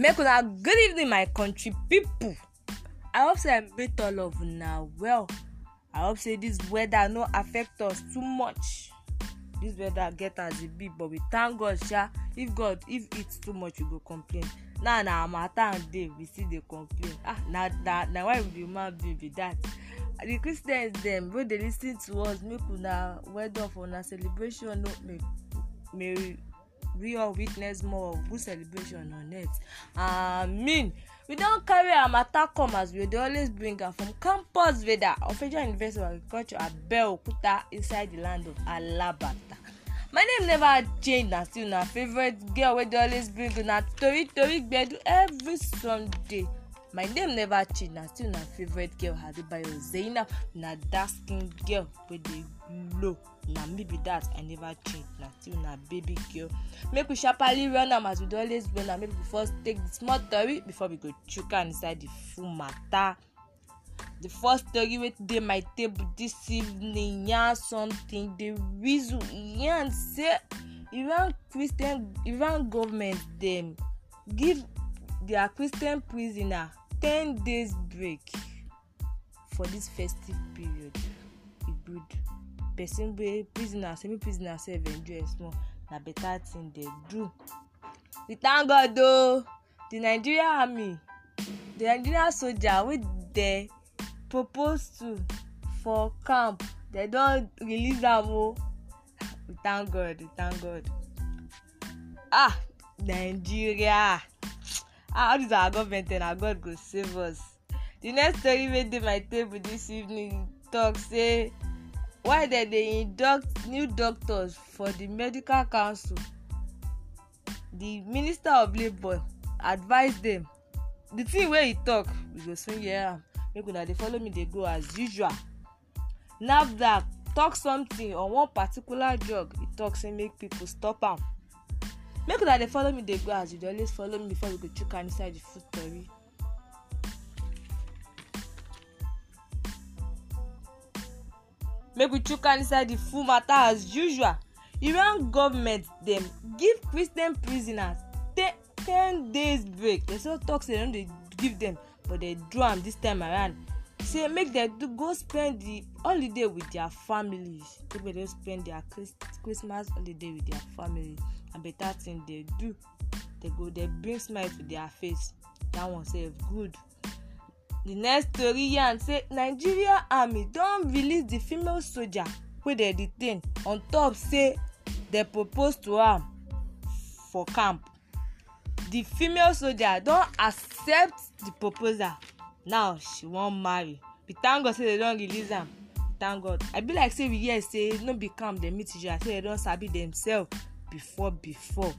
make una good evening my country people. i hope say i meet all of una well i hope say this weather no affect us too much This weather get as e be but we thank god sha if god if heat too much we go complain now na harmattan dey we still dey complain ah na na na why we be human being be that the christians dem wey dey lis ten to us make una well done for una celebration no may may we all witness more of good celebration on I mean, we don carry our matter come as we dey always bring am from campus veda official federal university of agriculture abeokuta inside the land of alabata my name never change na still na favourite girl wey dey always bring una tori tori gbedu every sunday my name never change na still na favourite girl adebayo zainab na dark skin girl wey dey glow na me be that i never change na still na baby girl make we sharparly run am as we dey always run am make we first take the small tori before we go chook am inside the full matter the first story wey dey my table this evening yarn something dey reason yarn say iran christian iran government dem give their christian prisoner ten days break for this festive period e good person wey prisoner semi prisoner sef enjoy small na better thing dem do we thank god o the nigerian army the nigerian soldier wey dey propose to for camp dem don release am o oh. we thank god we thank god ah nigeria all ah, dis our government our god go save us The next story wey dey my table this evening talk. say why dem dey induct new doctors for the medical council The minister of labour advise dem The thing wey he talk we go soon hear am make una dey follow me dey go as usual nafdac talk something on one particular drug e talk say make people stop am make una dey follow me dey go as you dey always follow me before we go chook hand inside the food tori. make we chook hand inside the full matter as usual iran government dem give christian prisoners ten ten days break dem so talk say dem no dey give dem but dem do am this time around say make dem do go spend the holiday with their families make dem don spend their christmas holiday with their family na better thing dey do dey go dey bring smile to their face that one sef good the next tori yarn say nigeria army don release the female soldier wey dey detain on top say dey propose to am for camp the female soldier don accept the proposal now she wan marry we thank god say dem don release am thank god i be like say we hear say no be calm dem meet each other say they don sabi themselves before before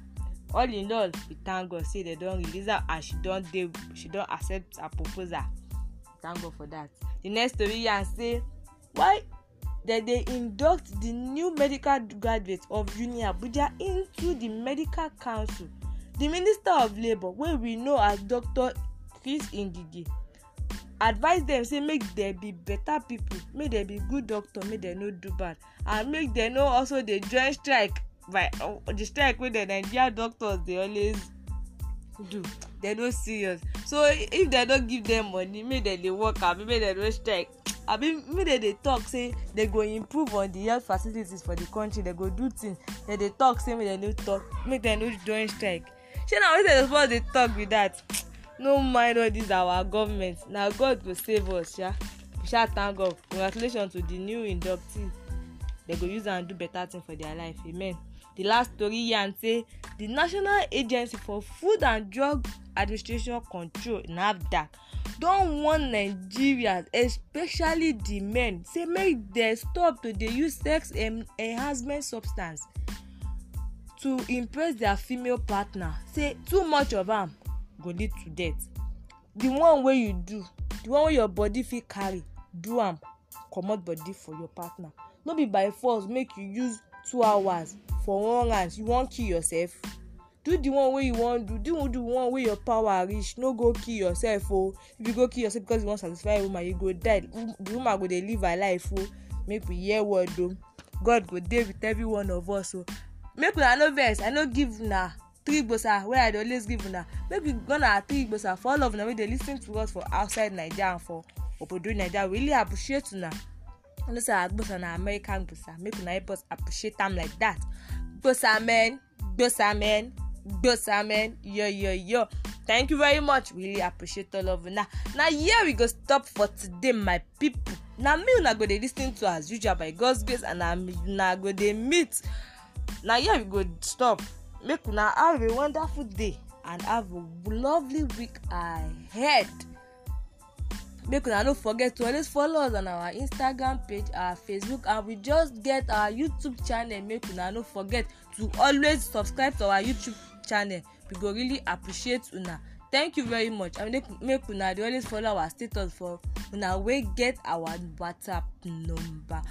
all in all we thank god say they don release am and she don dey she don accept her proposal thank god for that the next story yarn say why dem dey induct the new medical graduates of uni abuja into the medical council the minister of labour wey we know as dr chris ngige advise dem say make dem be better people make dem be good doctor make dem no do bad and make dem no also dey join strike by uh, the strike wey the nigerian doctors dey always do dem no serious so if dem no give dem money make dem dey work abi make dem no strike abi make dem dey talk say dem go improve on the health facilities for the country dem go do things dem dey talk say make dem no talk make dem no join strike shey na wetin dem suppose dey talk be that no mind all this our government na god go save us sha we sha thank god congratulations to the new inductees dem go use am do better thing for their life amen the last tori yarn say the national agency for food and drug administration control nafdac don warn nigerians especially the men say make dem stop to dey use sex en enhancement substance to impress their female partner say too much of am go lead to death the one wey you do the one wey your body fit carry do am comot body for your partner no be by force make you use two hours for one round you wan kill yourself do the one wey you wan do do the one wey your power reach no go kill yourself o oh. if you go kill yourself because you wan satisfy a woman you go die the woman go dey live her life o oh. make we hear word o oh. god go dey with every one of us o oh. make una no vex i no give una three gbosa wey i dey always give una make we gonna three gbosa for all of una wey dey lis ten to us for outside naija and for obodo naija we really appreciate una you know say our gbosa na american gbosa make una help us appreciate am like that gbosa men gbosa men gbosa men yo yo yo thank you very much we really appreciate all of una na here we go stop for today my people na me una go dey lis ten to as usual by god's grace and na una go dey meet na here we go stop make una have a wonderful day and have a lovely week ahead make una no forget to always follow us on our instagram page our facebook and we just get our youtube channel make una no forget to always subscribe to our youtube channel we go really appreciate una thank you very much and make, make una dey always follow our status for una wey get our whatsapp number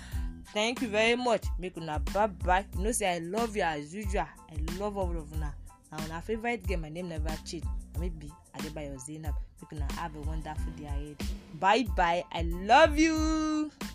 thank you very much make una bye bye you know say i love you as usual i love all of una na una favourite girl my name never change na me be adebayo zainab make una have a wonderful day ahead bye bye i love you.